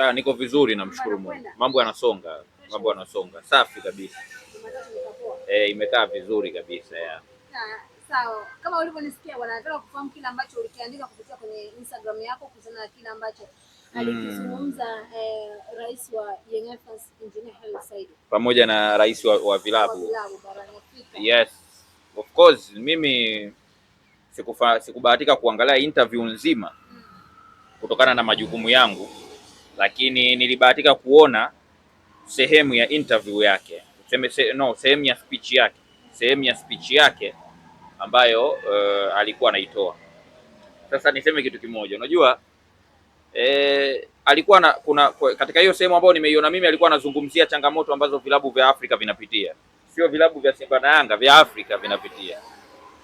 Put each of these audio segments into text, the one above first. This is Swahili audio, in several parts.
Sawa, ah, niko vizuri namshukuru Mungu. Mambo yanasonga, mambo yanasonga. Safi kabisa. Eh, imekaa vizuri kabisa ya. Sawa. Kama ulivyonisikia bwana, nataka kufahamu kile ambacho ulikiandika kupitia kwenye Instagram yako kuhusiana na kile ambacho mm. alikizungumza eh, rais wa Young Yanga Engineer Hersi Said pamoja na rais wa, wa vilabu Yes. Of course, mimi sikufa, sikubahatika kuangalia interview nzima mm. kutokana na majukumu yangu lakini nilibahatika kuona sehemu ya interview yake sehemu, se, no, sehemu ya speech yake sehemu ya speech yake ambayo uh, alikuwa anaitoa. Sasa niseme kitu kimoja, unajua e, alikuwa na, kuna katika hiyo sehemu ambayo nimeiona mimi alikuwa anazungumzia changamoto ambazo vilabu vya Afrika vinapitia, sio vilabu vya Simba na Yanga, vya Afrika vinapitia.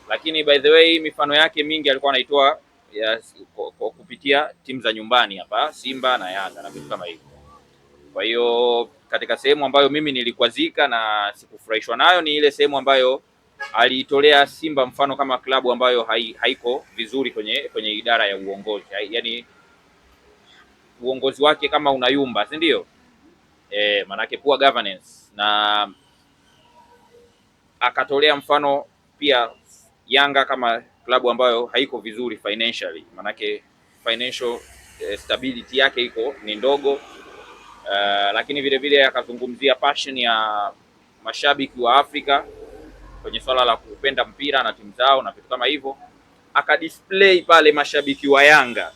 Lakini by the way, mifano yake mingi alikuwa anaitoa yes, kwa kupitia timu za nyumbani hapa Simba na Yanga na vitu kama hivyo. Kwa hiyo katika sehemu ambayo mimi nilikwazika na sikufurahishwa nayo ni ile sehemu ambayo aliitolea Simba mfano kama klabu ambayo haiko vizuri kwenye kwenye idara ya uongozi, yaani uongozi wake kama unayumba, si ndio? E, manake poor governance na akatolea mfano pia Yanga kama klabu ambayo haiko vizuri financially, manake financial eh, stability yake iko ni ndogo uh, lakini vile vile akazungumzia passion ya mashabiki wa Afrika kwenye swala la kupenda mpira na timu zao na vitu kama hivyo, akadisplay pale mashabiki wa Yanga.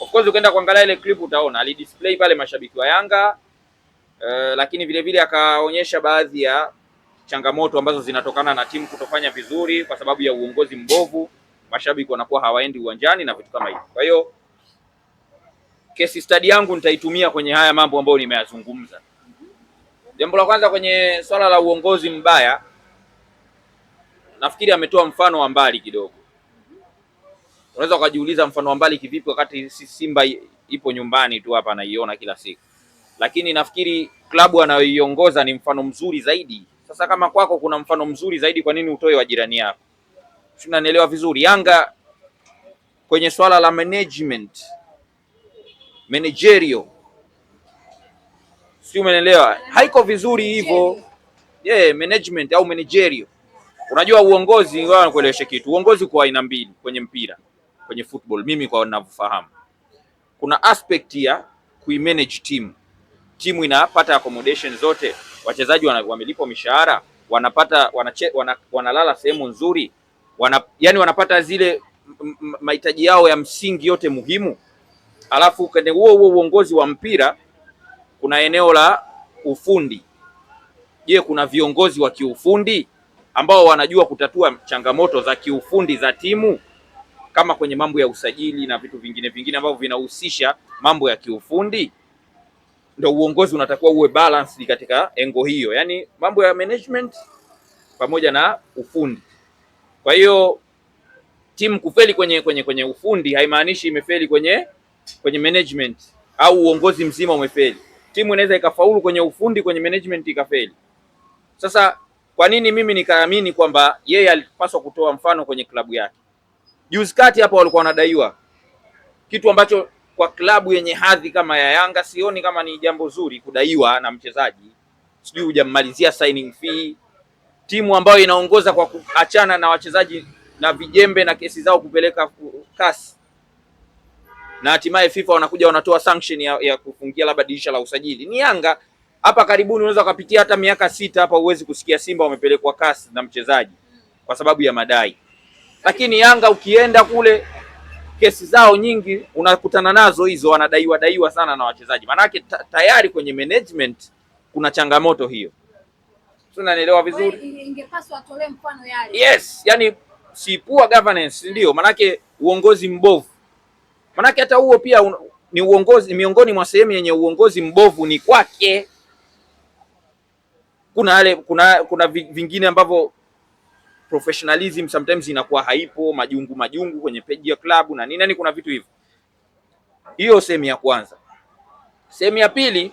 Of course ukienda kuangalia ile clip utaona alidisplay pale mashabiki wa Yanga uh, lakini vile vile akaonyesha baadhi ya changamoto ambazo zinatokana na timu kutofanya vizuri kwa sababu ya uongozi mbovu, mashabiki wanakuwa hawaendi uwanjani na vitu kama hivyo. Kwa hiyo kesi stadi yangu nitaitumia kwenye haya mambo ambayo nimeyazungumza. Jambo la kwanza kwenye swala la uongozi mbaya, nafikiri ametoa mfano wa mbali kidogo. Unaweza ukajiuliza mfano wa mbali kivipi, wakati Simba ipo nyumbani tu hapa, anaiona kila siku. Lakini nafikiri klabu anayoiongoza ni mfano mzuri zaidi sasa kama kwako kuna mfano mzuri zaidi, kwa nini utoe wa jirani yako? Tunanielewa vizuri. Yanga kwenye swala la management managerio, si umeelewa? Haiko vizuri hivyo. Yeah, management au managerio, Unajua uongozi, wao, nakueleweshe kitu. Uongozi kwa aina mbili kwenye mpira, kwenye football, mimi kwa ninavyofahamu, kuna aspect ya kuimanage team, timu inapata accommodation zote wachezaji wamelipwa mishahara, wanapata wanache, wana, wanalala sehemu nzuri wana, yani wanapata zile mahitaji yao ya msingi yote muhimu. Alafu kwenye huo huo uongozi wa mpira kuna eneo la ufundi. Je, kuna viongozi wa kiufundi ambao wanajua kutatua changamoto za kiufundi za timu kama kwenye mambo ya usajili na vitu vingine vingine ambavyo vinahusisha mambo ya kiufundi? ndo uongozi unatakiwa uwe balanced katika engo hiyo, yaani mambo ya management pamoja na ufundi. Kwa hiyo timu kufeli kwenye kwenye kwenye ufundi haimaanishi imefeli kwenye kwenye management au uongozi mzima umefeli. Timu inaweza ikafaulu kwenye ufundi, kwenye management ikafeli. Sasa kwa nini mimi nikaamini kwamba yeye alipaswa kutoa mfano kwenye klabu yake? Juzi kati hapa walikuwa wanadaiwa kitu ambacho kwa klabu yenye hadhi kama ya Yanga sioni kama ni jambo zuri kudaiwa na mchezaji, sijui hujammalizia signing fee, timu ambayo inaongoza kwa kuachana na wachezaji na vijembe na kesi zao kupeleka kasi, na hatimaye FIFA wanakuja wanatoa sanction ya, ya kufungia labda dirisha la usajili. Ni Yanga hapa karibuni, unaweza ukapitia hata miaka sita hapa, huwezi kusikia Simba wamepelekwa kasi na mchezaji kwa sababu ya madai, lakini Yanga ukienda kule kesi zao nyingi unakutana nazo hizo, wanadaiwa daiwa sana na wachezaji, maanake tayari kwenye management kuna changamoto hiyo. Tunanielewa vizuri? Ingepaswa atolee mfano yale. Yes, yani si poor governance ndio maanake uongozi mbovu, maanake hata huo pia un, ni uongozi miongoni mwa sehemu yenye uongozi mbovu ni kwake. Kuna yale kuna kuna vingine ambavyo professionalism sometimes inakuwa haipo, majungu majungu kwenye peji ya klabu na nini, yani kuna vitu hivyo. Hiyo sehemu ya kwanza. Sehemu ya pili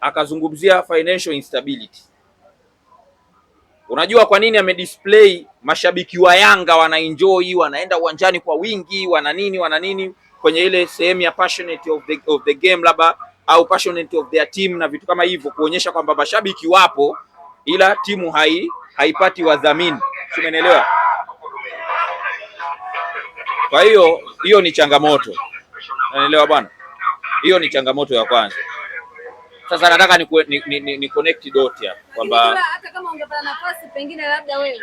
akazungumzia financial instability. Unajua kwa nini amedisplay mashabiki wa Yanga wanaenjoy, wanaenda uwanjani kwa wingi, wana nini wana nini kwenye ile sehemu ya passionate of the, of the game labda au passionate of their team na vitu kama hivyo, kuonyesha kwamba mashabiki wapo ila timu hai haipati wadhamini, umenielewa? Kwa hiyo hiyo ni changamoto, unaelewa bwana, hiyo ni changamoto ya kwanza. Sasa nataka ni, ni, ni, ni, ni connect dot hapa kwamba hata kama ungepata nafasi pengine labda wewe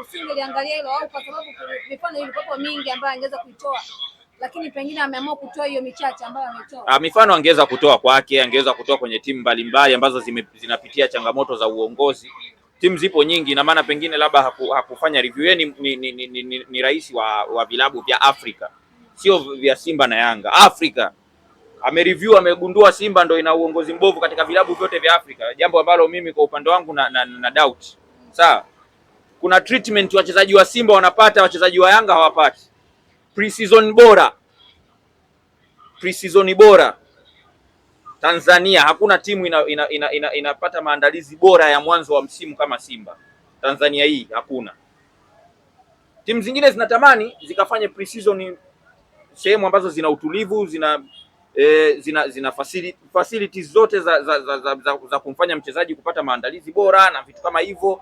usingeliangalia hilo, au kwa sababu mifano ilikuwa mingi ambayo angeweza kuitoa, lakini pengine ameamua kutoa hiyo michache ambayo ametoa. Ah, Mifano angeweza kutoa kwake, angeweza kutoa kwenye timu mbalimbali ambazo zime, zinapitia changamoto za uongozi timu zipo nyingi, na maana pengine labda haku, hakufanya review yeye. Ni, ni, ni, ni, ni rais wa, wa vilabu vya Afrika, sio vya Simba na Yanga. Afrika amereview, amegundua Simba ndo ina uongozi mbovu katika vilabu vyote vya Afrika, jambo ambalo mimi kwa upande wangu na, na, na doubt. Sawa, kuna treatment wachezaji wa Simba wanapata, wachezaji wa Yanga hawapati. Pre-season bora, pre-season bora Tanzania hakuna timu inapata ina, ina, ina, ina maandalizi bora ya mwanzo wa msimu kama Simba. Tanzania hii hakuna. Timu zingine zinatamani zikafanye pre-season sehemu ambazo zina utulivu, zina E, zina, zina facility, facilities zote za, za, za, za, za, za kumfanya mchezaji kupata maandalizi bora na vitu kama hivyo,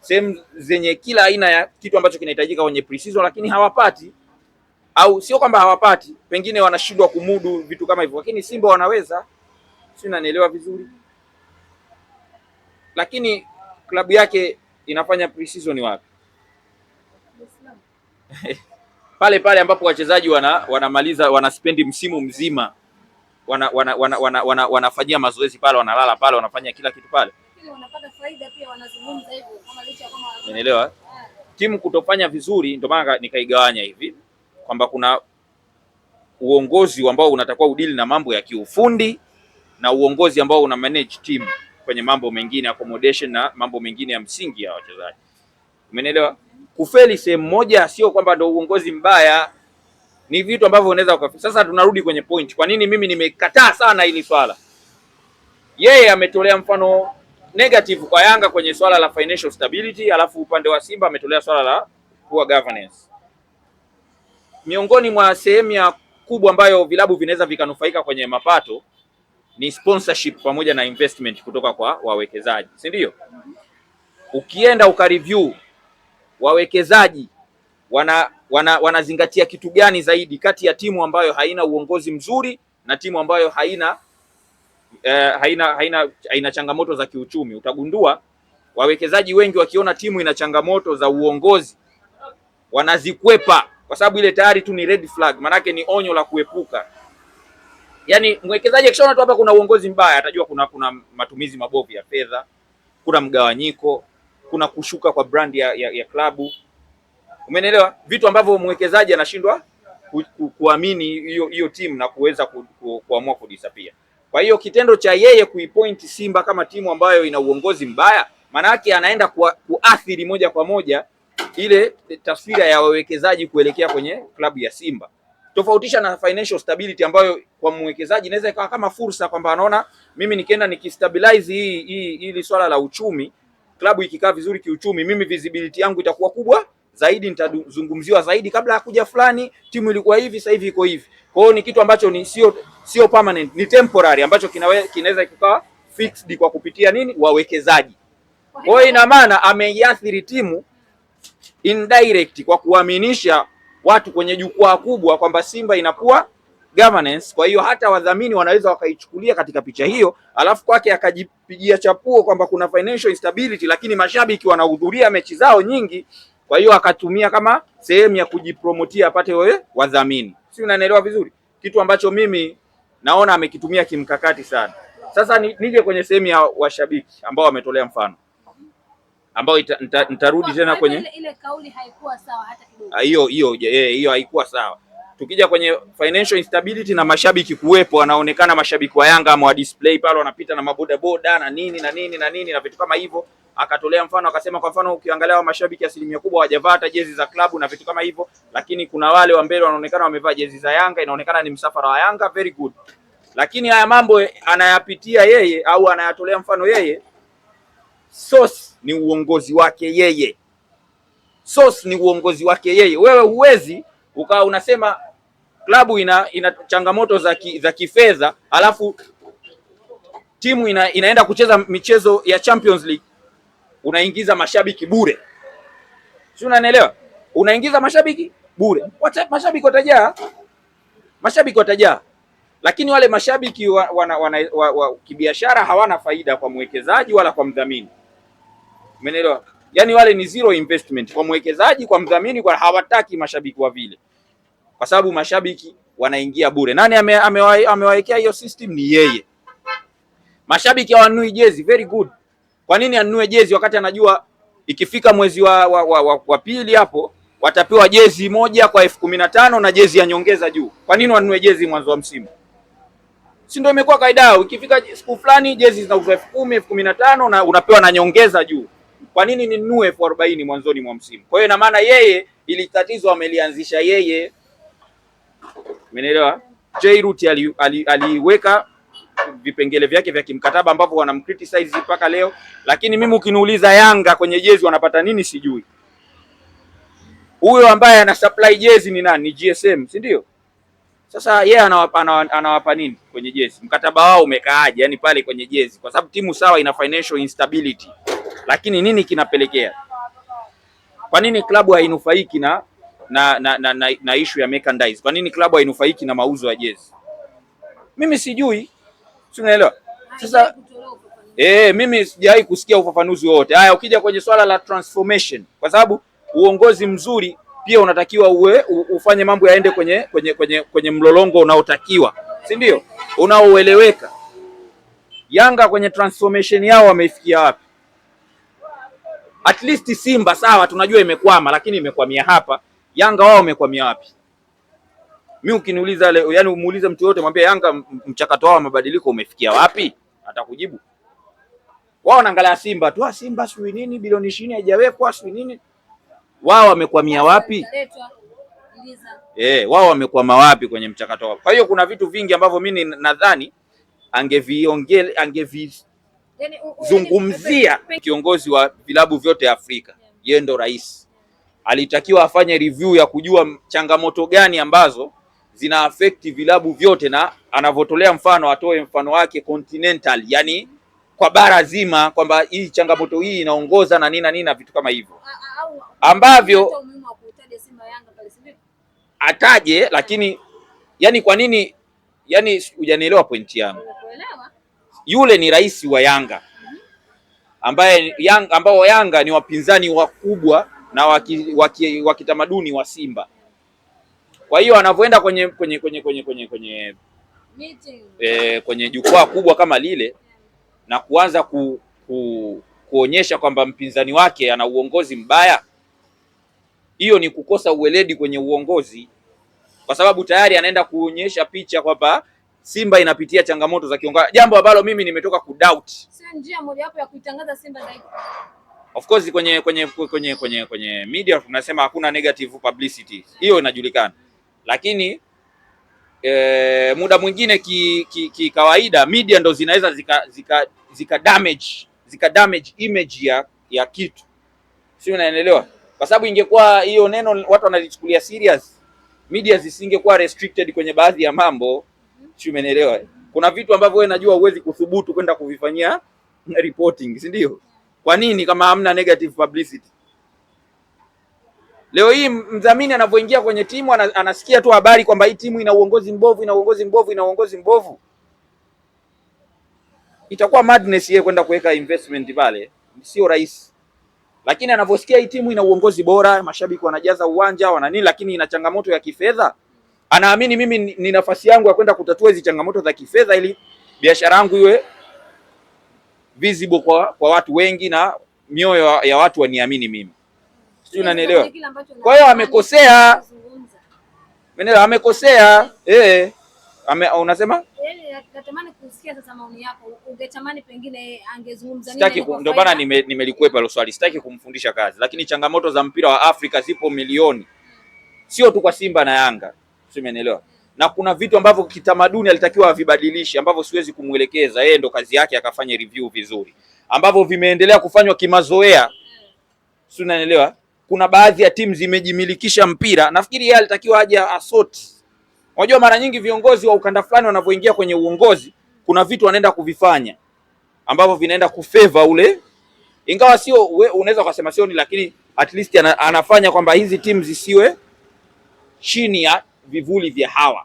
sehemu zenye kila aina ya kitu ambacho kinahitajika kwenye pre-season, lakini hawapati au sio kwamba hawapati, pengine wanashindwa kumudu vitu kama hivyo, lakini Simba wanaweza, si unanielewa vizuri. Lakini klabu yake inafanya pre-season wapi? pale pale ambapo wachezaji wana wanamaliza wanaspendi msimu mzima wanafanyia wana, wana, wana, wana, wana mazoezi pale, wanalala pale, wanafanya kila kitu pale, unaelewa. Timu kutofanya vizuri, ndio maana nikaigawanya hivi kwamba kuna uongozi ambao unatakiwa udili na mambo ya kiufundi na uongozi ambao una manage team kwenye mambo mengine accommodation na mambo mengine ya msingi ya wachezaji. Umenielewa? Kufeli sehemu moja sio kwamba ndio uongozi mbaya, ni vitu ambavyo unaweza ukafika. Sasa tunarudi kwenye point, kwa nini mimi nimekataa sana hili swala? Yeye ametolea mfano negative kwa Yanga kwenye swala la financial stability, alafu upande wa Simba ametolea swala la poor governance miongoni mwa sehemu ya kubwa ambayo vilabu vinaweza vikanufaika kwenye mapato ni sponsorship pamoja na investment kutoka kwa wawekezaji, si ndio? Ukienda ukareview wawekezaji wana, wana, wanazingatia kitu gani zaidi kati ya timu ambayo haina uongozi mzuri na timu ambayo haina eh, haina haina haina changamoto za kiuchumi. Utagundua wawekezaji wengi wakiona timu ina changamoto za uongozi wanazikwepa kwa sababu ile tayari tu ni red flag, maanake ni onyo la kuepuka. yani mwekezaji akishaona tu hapa kuna uongozi mbaya, atajua kuna kuna matumizi mabovu ya fedha, kuna mgawanyiko, kuna kushuka kwa brand ya, ya, ya klabu. Umenielewa? Vitu ambavyo mwekezaji anashindwa ku, ku, kuamini hiyo hiyo timu na kuweza ku, ku, kuamua kudisapia. Kwa hiyo kitendo cha yeye kuipointi Simba kama timu ambayo ina uongozi mbaya, maana anaenda kuathiri moja kwa moja ile taswira ya wawekezaji kuelekea kwenye klabu ya Simba, tofautisha na financial stability ambayo kwa mwekezaji inaweza ikawa kama fursa kwamba anaona mimi nikienda nikistabilize hii hii hili swala la uchumi, klabu ikikaa vizuri kiuchumi, mimi visibility yangu itakuwa kubwa zaidi, nitazungumziwa zaidi, kabla ya kuja fulani timu ilikuwa hivi, sasa hivi iko hivi. Kwa hiyo ni kitu ambacho ni sio sio permanent, ni temporary ambacho kinaweza kikawa fixed kwa kupitia nini, wawekezaji. Kwa hiyo ina maana ameiathiri timu indirect kwa kuaminisha watu kwenye jukwaa kubwa kwamba Simba inakuwa governance. Kwa hiyo hata wadhamini wanaweza wakaichukulia katika picha hiyo, alafu kwake akajipigia chapuo kwamba kuna financial instability, lakini mashabiki wanahudhuria mechi zao nyingi, kwa hiyo akatumia kama sehemu ya kujipromotia apate wewe wadhamini, si unanielewa vizuri, kitu ambacho mimi naona amekitumia kimkakati sana. Sasa nije kwenye sehemu ya washabiki ambao wametolea mfano ambayo nitarudi tena kwenye ile, kauli haikuwa sawa hata kidogo. Ah, hiyo hiyo eh, hiyo haikuwa sawa. Tukija kwenye financial instability na mashabiki kuwepo, wanaonekana mashabiki wa Yanga ama wa display pale wanapita na mabodaboda na nini na nini na nini na vitu kama hivyo. Akatolea mfano akasema, kwa mfano ukiangalia wa mashabiki asilimia kubwa hawajavaa hata jezi za klabu na vitu kama hivyo, lakini kuna wale wa mbele wanaonekana wamevaa jezi za Yanga, inaonekana ni msafara wa Yanga, very good. Lakini haya mambo anayapitia yeye au anayatolea mfano yeye source ni uongozi wake yeye, source ni uongozi wake yeye. Wewe huwezi ukawa unasema klabu ina, ina changamoto za, ki, za kifedha alafu timu ina, inaenda kucheza michezo ya Champions League unaingiza mashabiki bure, si unanielewa? Unaingiza mashabiki bure, mashabiki watajaa, mashabiki watajaa, lakini wale mashabiki wa, wana, wana, wa, wa, kibiashara hawana faida kwa mwekezaji wala kwa mdhamini. Umeelewa? Yaani wale ni zero investment kwa mwekezaji, kwa mdhamini, kwa hawataki mashabiki wa vile, kwa sababu mashabiki wanaingia bure. Nani amewawekea ame, ame hiyo system? Ni yeye. Mashabiki hawanunui jezi, very good. Kwa nini anunue jezi wakati anajua ikifika mwezi wa, wa, wa, wa, wa pili hapo watapewa jezi moja kwa elfu kumi na tano na jezi ya nyongeza juu? Kwa nini wanunue jezi mwanzo wa msimu? Si ndio imekuwa kaida, ikifika siku fulani jezi zinauzwa elfu kumi elfu kumi na tano na unapewa na nyongeza juu kwa nini ninunue elfu arobaini mwanzoni mwa msimu? Kwa hiyo ina maana yeye ili tatizo amelianzisha yeye, umeelewa? Jairut aliweka ali, ali vipengele vyake vya kimkataba ambavyo wanamcriticize mpaka leo, lakini mimi ukiniuliza Yanga kwenye jezi wanapata nini, sijui. Huyo ambaye ana supply jezi ni nani? Ni GSM, si ndio? Sasa yeye yeah, anawapa, anawapa nini kwenye jezi? Mkataba wao umekaaje? Yani pale kwenye jezi, kwa sababu timu sawa ina financial instability lakini nini kinapelekea? Kwa nini klabu hainufaiki na, na, na, na, na, na ishu ya merchandise? Kwa nini klabu hainufaiki na mauzo ya jezi? Mimi sijui, sinaelewa sasa. eh, mimi sijawahi kusikia ufafanuzi wowote. Haya, ukija kwenye swala la transformation, kwa sababu uongozi mzuri pia unatakiwa uwe ufanye mambo yaende kwenye, kwenye, kwenye, kwenye mlolongo unaotakiwa, si ndio? Unaoeleweka. Yanga kwenye transformation yao wameifikia wapi? At least Simba sawa, tunajua imekwama, lakini imekwamia hapa. Yanga wao wamekwamia wapi? Mi ukiniuliza leo, yani umuulize mtu yote, mwambie Yanga mchakato wao wa mabadiliko umefikia wapi, atakujibu wao wanaangalia Simba tu, ah, Simba sijui nini, bilioni ishirini haijawekwa sijui nini. Wao wamekwamia wapi? Eh, wao wamekwama wapi kwenye mchakato wao? Kwa hiyo kuna vitu vingi ambavyo mimi nadhani angeviongea angevi zungumzia kiongozi wa vilabu vyote Afrika, yeye ndo rais, alitakiwa afanye review ya kujua changamoto gani ambazo zina affect vilabu vyote, na anavyotolea mfano atoe mfano wake continental, yani kwa bara zima, kwamba hii changamoto hii inaongoza na nini na nini na vitu kama hivyo ambavyo ataje, lakini yani kwa nini, yani hujanielewa pointi yangu. Yule ni rais wa Yanga ambaye Yanga, ambao Yanga ni wapinzani wakubwa na wa kitamaduni wa Simba. Kwa hiyo anavyoenda kwenye kwenye kwenye kwenye kwenye kwenye eh, kwenye jukwaa kubwa kama lile na kuanza ku, ku, kuonyesha kwamba mpinzani wake ana uongozi mbaya, hiyo ni kukosa uweledi kwenye uongozi, kwa sababu tayari anaenda kuonyesha picha kwamba Simba inapitia changamoto za kiungwana, jambo ambalo mimi nimetoka ku doubt. kudoubt. Njia mojawapo ya kuitangaza Simba zaidi. Of course kwenye kwenye kwenye kwenye kwenye media tunasema hakuna negative publicity, hiyo inajulikana, lakini e, muda mwingine ki, ki, ki kawaida media ndo zinaweza zika, zika, zika damage zika damage image ya ya kitu, Si Unaelewa? Kwa sababu ingekuwa hiyo neno watu wanalichukulia serious, media zisingekuwa restricted kwenye baadhi ya mambo si umeelewa? Kuna vitu ambavyo wewe najua huwezi kuthubutu kwenda kuvifanyia reporting, si ndio? Kwa nini? Kama hamna negative publicity. Leo hii mdhamini anavyoingia kwenye timu anasikia tu habari kwamba hii timu ina uongozi mbovu, ina uongozi mbovu, ina uongozi mbovu, itakuwa madness yeye kwenda kuweka investment pale, sio rahisi. Lakini anavyosikia hii timu ina uongozi bora, mashabiki wanajaza uwanja, wana nini, lakini ina changamoto ya kifedha anaamini mimi ni nafasi yangu ya kwenda kutatua hizi changamoto za kifedha ili biashara yangu iwe visible kwa, kwa watu wengi na mioyo ya watu waniamini mimi, sijui unanielewa? Kwa hiyo amekosea, umeelewa? Amekosea eh, ame, unasema yaani, ndio maana nimelikwepa hilo swali, sitaki kumfundisha kazi, lakini changamoto za mpira wa Afrika zipo milioni, sio tu kwa Simba na Yanga. Umenielewa? Na kuna vitu ambavyo kitamaduni alitakiwa avibadilishe, ambavyo siwezi kumwelekeza yeye, ndo kazi yake akafanya review vizuri, ambavyo vimeendelea kufanywa kimazoea, si unanielewa? Kuna baadhi ya timu zimejimilikisha mpira, nafikiri yeye alitakiwa aje asort. Unajua, mara nyingi viongozi wa ukanda fulani wanavyoingia kwenye uongozi, kuna vitu wanaenda kuvifanya ambavyo vinaenda kufeva ule, ingawa sio, unaweza ukasema sio ni, lakini at least anafanya kwamba hizi timu zisiwe chini ya vivuli vya hawa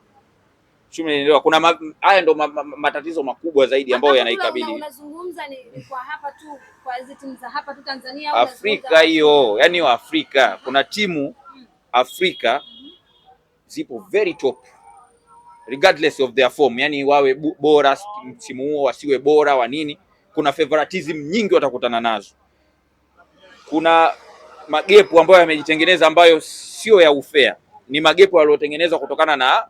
Shumelewa. Kuna haya ndo matatizo makubwa zaidi ambayo yanaikabili unazungumza ni, kwa hapa tu, kwa timu za hapa tu Tanzania Afrika hiyo yani wa Afrika kuna timu Afrika zipo very top regardless of their form, yani wawe bora msimu huo wasiwe bora wa nini, kuna favoritism nyingi watakutana nazo. Kuna magepu ambayo yamejitengeneza ambayo sio ya ufea ni magepo yaliyotengenezwa kutokana na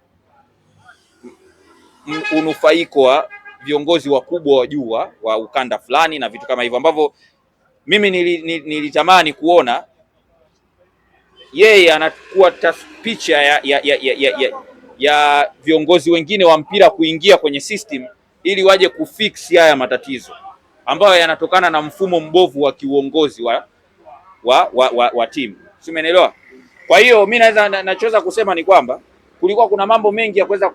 unufaiko wa viongozi wakubwa wa juu wa ukanda fulani na vitu kama hivyo ambavyo mimi nilitamani nili, nili kuona yeye anakuwa picha ya, ya, ya, ya, ya, ya, ya viongozi wengine wa mpira kuingia kwenye system ili waje kufix haya matatizo ambayo yanatokana na mfumo mbovu wa kiuongozi wa, wa, wa, wa, wa timu. Si umeelewa? Kwa hiyo mi naweza nachoweza kusema ni kwamba kulikuwa kuna mambo mengi ya kuweza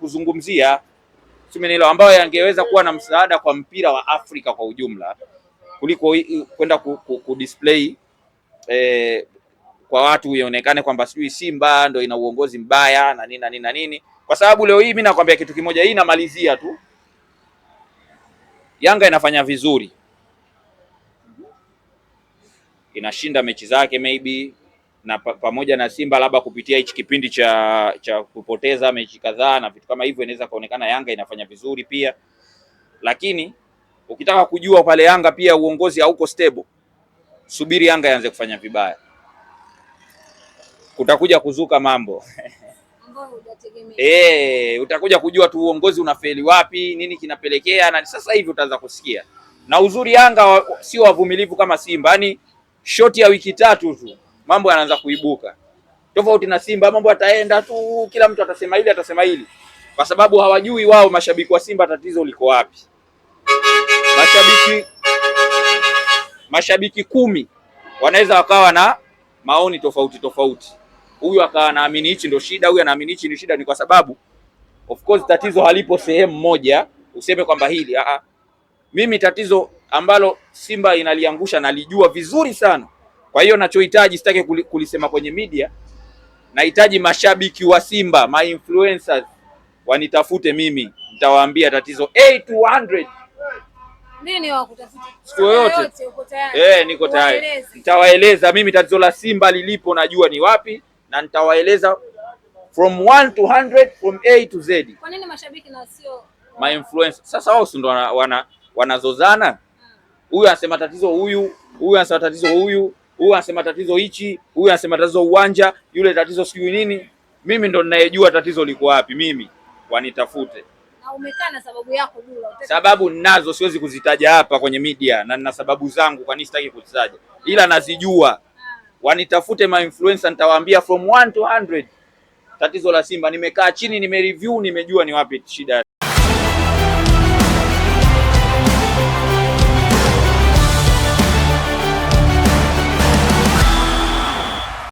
kuzungumzia simenelo ambayo yangeweza kuwa na msaada kwa mpira wa Afrika kwa ujumla kuliko kwenda display eh, kwa watu ionekane kwamba sijui Simba ndio ina uongozi mbaya na nini na nini na nini, kwa sababu leo hii mimi nakwambia kitu kimoja, hii inamalizia tu, Yanga inafanya vizuri, inashinda mechi zake maybe na pa, pamoja na Simba labda kupitia hichi kipindi cha cha kupoteza mechi kadhaa na vitu kama hivyo, inaweza kaonekana Yanga inafanya vizuri pia, lakini ukitaka kujua pale Yanga pia uongozi hauko stable, subiri Yanga ianze kufanya vibaya, kutakuja kuzuka mambo e, utakuja kujua tu uongozi unafeli wapi, nini kinapelekea, na sasa hivi utaanza kusikia. Na uzuri Yanga sio wavumilivu kama Simba, yaani shoti ya wiki tatu tu mambo yanaanza kuibuka, tofauti na Simba mambo ataenda tu, kila mtu atasema hili atasema hili, kwa sababu hawajui wao mashabiki wa Simba tatizo liko wapi. Mashabiki mashabiki kumi wanaweza wakawa na maoni tofauti tofauti, huyu akawa naamini hichi ndio shida, huyu anaamini hichi ni shida. Ni kwa sababu of course tatizo halipo sehemu moja useme kwamba hili. Aa, ah, ah. mimi tatizo ambalo Simba inaliangusha nalijua vizuri sana kwa hiyo nachohitaji, sitaki kulisema kwenye media, nahitaji mashabiki wa Simba, ma influencers wanitafute mimi, nitawaambia tatizo A200 nini wakutafuta siku yoyote, eh, niko tayari, nitawaeleza mimi tatizo la Simba lilipo, najua ni wapi, na nitawaeleza from 1 to 100 from A to Z. Kwa nini mashabiki na sio ma influence? Sasa wao si ndo wanazozana, wana, wana hmm. huyu anasema tatizo huyu, huyu anasema tatizo huyu huyu anasema tatizo hichi, huyu anasema tatizo uwanja, yule tatizo sijui nini. Mimi ndo ninayejua tatizo liko wapi, mimi wanitafute. Umekana sababu yako bila. Sababu ninazo siwezi kuzitaja hapa kwenye media na nina sababu zangu kwa nini sitaki kuzitaja, ila nazijua. Wanitafute ma influencer, nitawaambia from 1 to 100 tatizo la Simba. Nimekaa chini, nimereview, nimejua ni wapi shida.